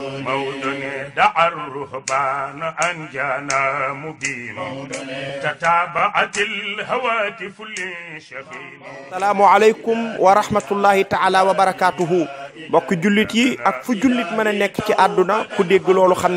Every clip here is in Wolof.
موطن دعا الرهبان أنجانا جانا مبين تتابعت الهواتف الشفين السلام عليكم ورحمة الله تعالى وبركاته mbokk جلتي yi ak fu jullit mën a nekk ci àdduna ku dégg loolu xam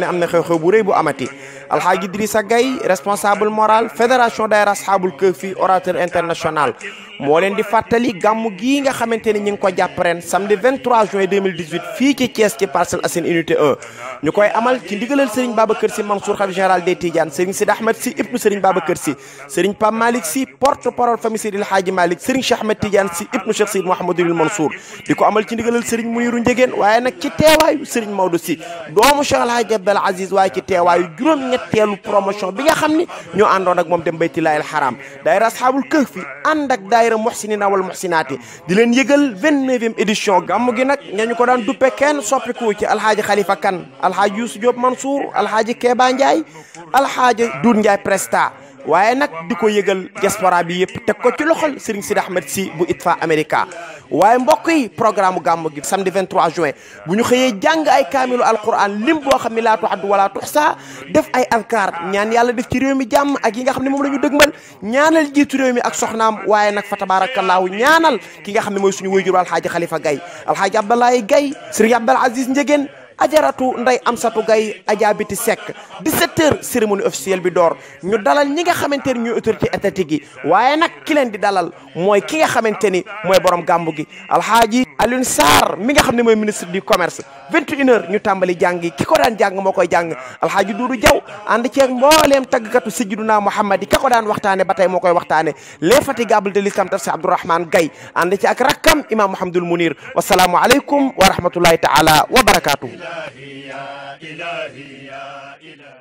Alhaji Idrissa Gaye responsable moral fédération daayira Ashabul Kahfi orateur international moo leen di fàttali gàmm gii nga xamante ni ñu ngi ko jàpp ren samedi 23 juin 2018 fii ci Thiès ci Parcelles Assainies unité 1. ñu koy amal ci ndigalal Serigne Babacar Sy Mansour Khalife général des Tidianes Serigne Sidi Ahmed Sy ibnu Serigne Babacar Sy Serigne Pape Malick Sy porte parole famille Seydi El Hadji Malick Serigne Cheikh Ahmed Tidiane Sy ibnu Cheikh Seydi Mouhamadoul Mansour di ko amal ci ndigalal Serigne Mounirou Ndiéguène waaye nag ci teewaayu Serigne Maodo Sy doomu Cheikh El Hadji Abdoul Aziz waaye ci teewaayu juróom-ñett ñetteelu promotion bi nga xam ni ñoo àndoon ak moom dem baytilaayil xaraam daayira asxaabul kahfi ànd ak daayira muxsinina wal muxsinaati di leen yëgal vingt-neuvième édition gàmmu gi nag ñañu ko daan duppe kenn soppiku ci alxaaji xalifa kan alxaaji yuusu jóob mansour alxaaji keeba njaay alxaaji duut njaay presta waaye nag di ko yëgal diaspora bi yëpp teg ko ci loxol sëriñ sidi ahmed si bu itfa américa waaye mbokk yi programme gàmm gi samedi 23 juin bu ñu xëyee jàng ay kaamilu alquran lim boo xam ne laa tuxaddu wala tuxsa def ay azkar ñaan yàlla def ci réew mi jàmm ak yi nga xam ne moom la ñu dëgmal ñaanal jiitu réew mi ak soxnaam waaye nag fa tabaarakallaahu ñaanal ki nga xam ne mooy suñu wayjur alxaaji xalifa gay alxaaji abdalaay gay sëriñ abdal aziz njegéen ajaratu nday am satu gay Adja sek 17h cérémonie officielle bi dor ñu dalal ñi nga xamanteni ñu autorité étatique yi ki len di dalal moy ki nga xamanteni moy gambogi borom gambu gi alhaaji alun sar mi nga xamne moy ministre du commerce 21h ñu tambali jàng yi ki ko daan jàng moo koy jàng alhaaji Doudou Diaw ànd ceeg mbooleem taggkatu Seydina sidduna mohammed ka ko daan waxtane batay tey koy les de l'islam tafsi abdourahman gay and ci ak rakam imam Mouhamadoul Munir Wassalamualaikum warahmatullahi wa taala wa barakatuh إلهي يا إلهي يا إلهي